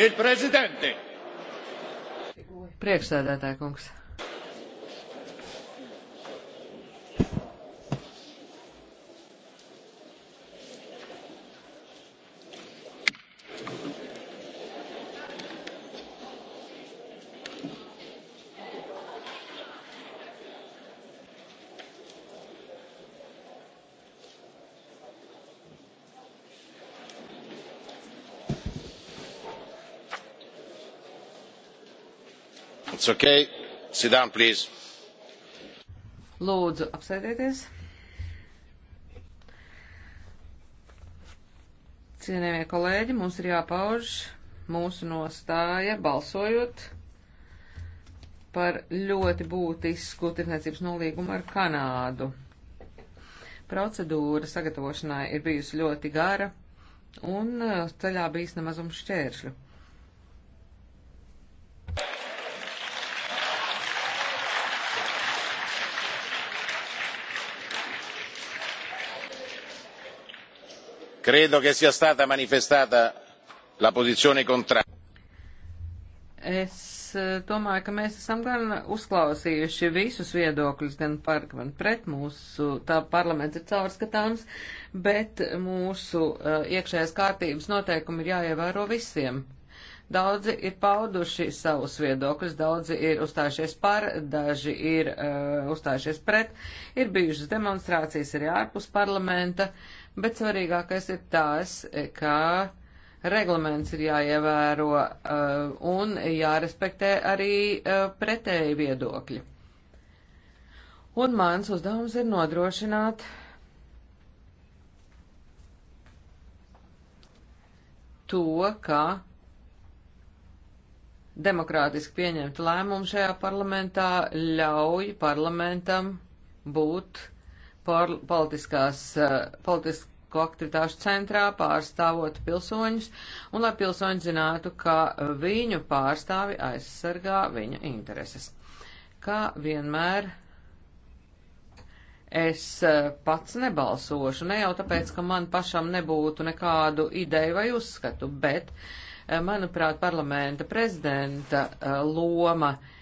Il prezidente. Priekšsēdētāja kungs. It's okay. Sit down, please. Lūdzu, apsēdieties. Cienējamie kolēģi, mums ir jāpauž mūsu nostāja balsojot par ļoti būtisku tirdzniecības nolīgumu ar Kanādu. Procedūra sagatavošanai ir bijusi ļoti gara un eh, ceļā bijis nemazums šķēršļu. credo che sia stata manifestata la posizione contraria. Es eh, domāju, ka mēs esam gan uzklausījuši visus viedokļus, gan par, gan pret mūsu, tā parlaments ir caurskatāms, bet mūsu uh, iekšējās kārtības noteikumi ir jāievēro visiem. Daudzi ir pauduši savus viedokļus, daudzi ir uzstājušies par, daži ir uh, uzstājušies pret, ir bijušas demonstrācijas arī ārpus parlamenta. Uh, bet svarīgākais ir tās, ka reglaments ir jāievēro uh, un jārespektē arī uh, pretēji viedokļi. Un mans uzdevums ir nodrošināt to, ka demokrātiski pieņemt lēmumu šajā parlamentā ļauj parlamentam būt uh, politiskās, eh, politisko aktivitāšu centrā pārstāvot pilsoņus un lai pilsoņi zinātu, ka viņu pārstāvi aizsargā viņu intereses. Kā vienmēr es eh, pats nebalsošu, ne jau tāpēc, ka man pašam nebūtu nekādu ideju vai uzskatu, bet, eh, manuprāt, parlamenta prezidenta loma uh,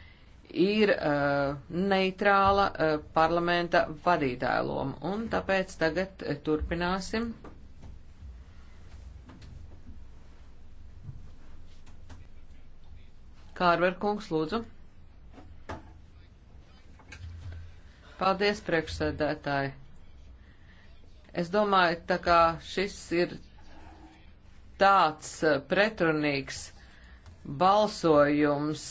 ir uh, neitrāla uh, parlamenta vadītāja loma, un tāpēc tagad uh, turpināsim. Kārver kungs, lūdzu. Paldies, priekšsēdētāji. Es domāju, tā kā šis ir tāds pretrunīgs balsojums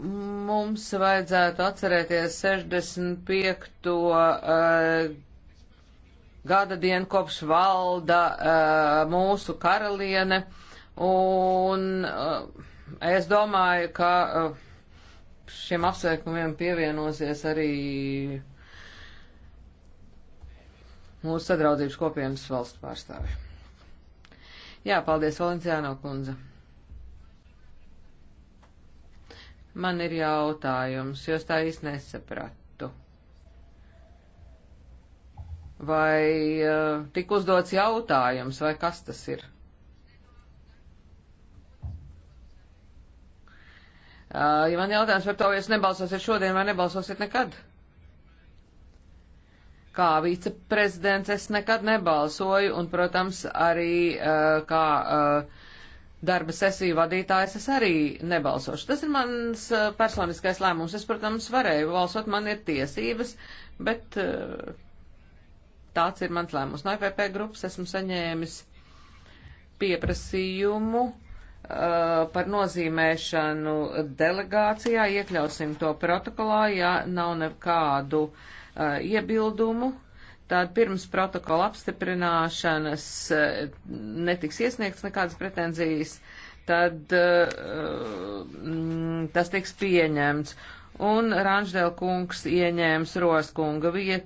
mums vajadzētu atcerēties 65. Eh, gada dienu kopš valda eh, mūsu karaliene, un eh, es domāju, ka šiem apsveikumiem pievienosies arī mūsu sadraudzības kopienas valsts pārstāvi. Jā, paldies, Valenciāno kundze. Man ir jautājums, jo es tā īsti nesapratu. Vai uh, eh, tik uzdots jautājums, vai kas tas ir? Uh, ja man jautājums par to, ja es nebalsosiet šodien vai nebalsosiet nekad? Kā viceprezidents es nekad nebalsoju, un, protams, arī uh, kā uh, darba sesiju vadītājs es arī nebalsošu. Tas ir mans eh, personiskais lēmums. Es, protams, varēju balsot, man ir tiesības, bet eh, tāds ir mans lēmums. No IPP grupas esmu saņēmis pieprasījumu eh, par nozīmēšanu delegācijā. Iekļausim to protokolā, ja nav nekādu iebildumu. Tātad pirms protokola apstiprināšanas eh, netiks iesniegts nekādas pretenzijas, tad uh, tas tiks pieņemts. Un Rāņģdēl kungs ieņēms Roskunga vietu.